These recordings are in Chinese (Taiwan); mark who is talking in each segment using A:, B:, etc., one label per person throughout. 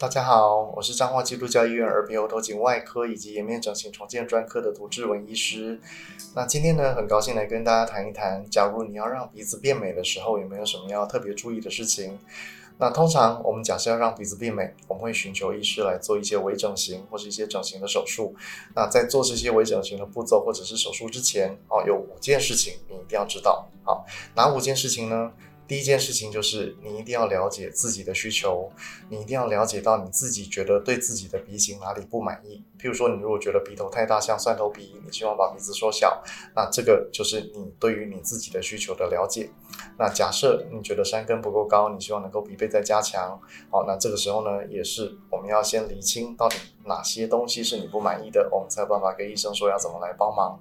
A: 大家好，我是彰化基督教醫院耳鼻喉頭頸外科以及顏面整形重建專科的凃智文醫師。那今天呢，很高興來跟大家談一談，假如你要讓鼻子變美的時候，有沒有什麼要特別注意的事情？那通常我們假設要讓鼻子變美，我們會尋求醫師來做一些微整形或是一些整形的手術。那在做這些微整形的步驟或者是手術之前哦，有五件事情你一定要知道。好，哪五件事情呢？第一件事情就是，你一定要了解自己的需求，你一定要了解到你自己覺得對自己的鼻型哪裡不滿意。譬如說，你如果覺得鼻頭太大，像蒜頭鼻，你希望把鼻子縮小，那這個就是你對於你自己的需求的了解。那假設你覺得山根不夠高，你希望能夠鼻背再加強，好，那這個時候呢，也是我們要先理清到底哪些東西是你不滿意的，我們才有辦法跟醫生說要怎麼來幫忙。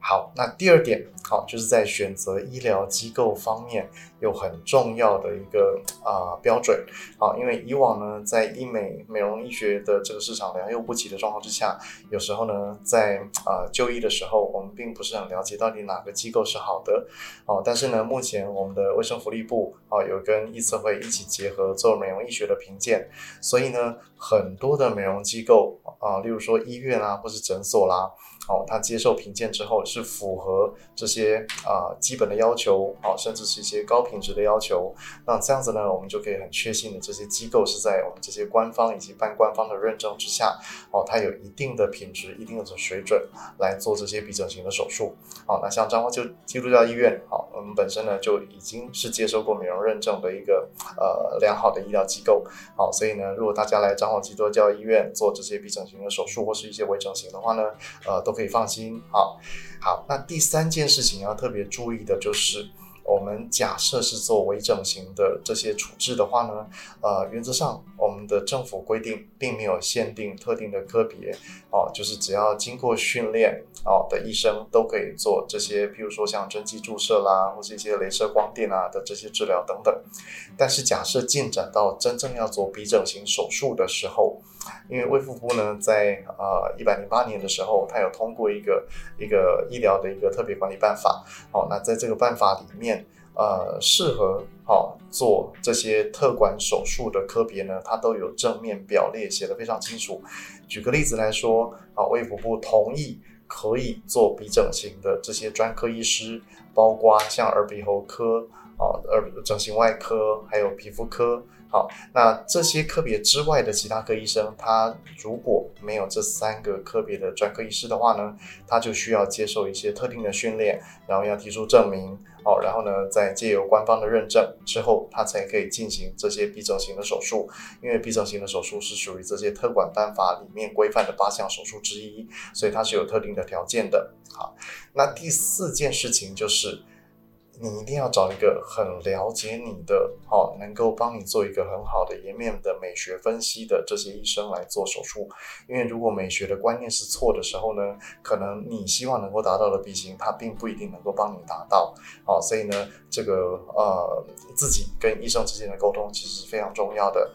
A: 好，那第二點，好、啊，就是在選擇醫療機構方面有很重要的一個啊、呃、標準，好、啊，因為以往呢，在醫美美容醫學的這個市場良莠不齊的狀況之下，有時候呢，在啊、呃、就醫的時候，我們並不是很了解到底哪個機構是好的，哦、啊，但是呢，目前我們的衛生福利部啊有跟醫策會一起結合做美容醫學的評鑑，所以呢，很多的美容機構啊，例如說醫院啦、啊、或是診所啦，哦、啊，他接受評鑑之後，是符合這些啊、呃、基本的要求，好、啊，甚至是一些高品質的要求。那這樣子呢，我們就可以很確信的，這些機構是在我們這些官方以及半官方的認證之下，哦、啊，它有一定的品質、一定的水準來做這些鼻整形的手術。好、啊，那像彰化基督教醫院，好，我們本身呢就已經是接受過美容認證的一個呃良好的醫療機構。好，所以呢，如果大家來彰化基督教醫院做這些鼻整形的手術或是一些微整形的話呢，呃，都可以放心。好。好，那第三件事情要特別注意的就是，我們假設是做微整形的這些處置的話呢，呃，原則上我們的政府規定並沒有限定特定的科別，哦，就是只要經過訓練哦的醫生都可以做這些，譬如說像針劑注射啦，或是一些鐳射光電啊的這些治療等等。但是假設進展到真正要做鼻整形手術的時候，因為衛福部呢，在呃一百零八年的時候，它有通過一個一個醫療的一個特別管理辦法。好、哦，那在這個辦法裡面，呃，適合好、哦、做這些特管手術的科別呢，它都有正面表列，寫得非常清楚。舉個例子來說，啊，衛福部同意。可以做鼻整形的這些專科醫師，包括像耳鼻喉科啊、整形外科，還有皮膚科。好，那這些科別之外的其他科醫生，他如果沒有這三個科別的專科醫師的話呢，他就需要接受一些特定的訓練，然後要提出證明，哦，然後呢，再借由官方的認證之後，他才可以進行這些鼻整形的手術。因為鼻整形的手術是屬於這些特管辦法裡面規範的八項手術之一，所以它是有特定。有條件的，好，那第四件事情就是，你一定要找一個很了解你的，好、哦，能夠幫你做一個很好的顏面的美學分析的這些醫生來做手術，因為如果美學的觀念是錯的時候呢，可能你希望能夠達到的鼻型，它並不一定能夠幫你達到，好、哦，所以呢，這個呃，自己跟醫生之間的溝通其實是非常重要的。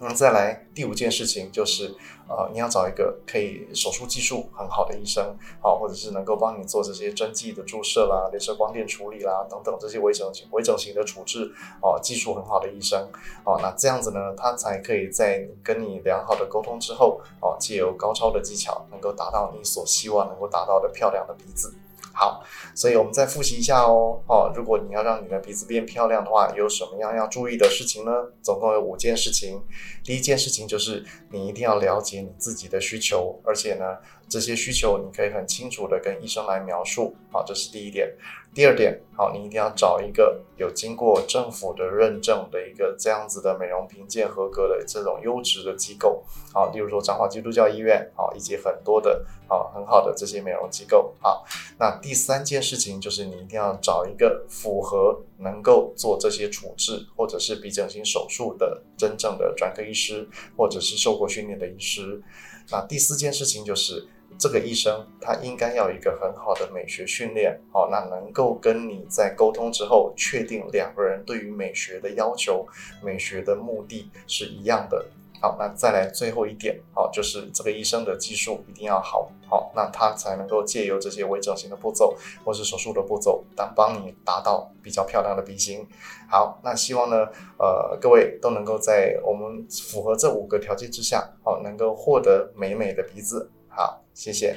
A: 嗯，再來第五件事情就是，呃，你要找一個可以手術技術很好的醫生，好、啊，或者是能夠幫你做這些針劑的注射啦、鐳射光電處理啦等等這些微整形、微整形的處置，哦、啊，技術很好的醫生，哦、啊，那這樣子呢，他才可以在跟你良好的溝通之後，哦、啊，借由高超的技巧，能夠達到你所希望能夠達到的漂亮的鼻子。好，所以我們再複習一下哦。哦，如果你要讓你的鼻子變漂亮的話，有什麼樣要注意的事情呢？總共有五件事情。第一件事情就是你一定要了解你自己的需求，而且呢，這些需求你可以很清楚的跟醫生來描述，好，這是第一點。第二點，好，你一定要找一個有經過政府的認證的一個這樣子的美容評鑑合格的這種優質的機構，好，例如說彰化基督教醫院，好，以及很多的，好，很好的這些美容機構，好。那第三件事情就是你一定要找一個符合能夠做這些處置或者是鼻整形手術的真正的專科醫師或者是受過訓練的醫師。那第四件事情就是，這個醫生他應該要一個很好的美學訓練，好，那能夠跟你在溝通之後，確定兩個人對於美學的要求、美學的目的是一樣的。好，那再來最後一點，好，就是這個醫生的技術一定要好，好，那他才能夠借由這些微整形的步驟或是手術的步驟，當幫你達到比較漂亮的鼻型。好，那希望呢，呃，各位都能夠在我們符合這五個條件之下，好，能夠獲得美美的鼻子。好，謝謝。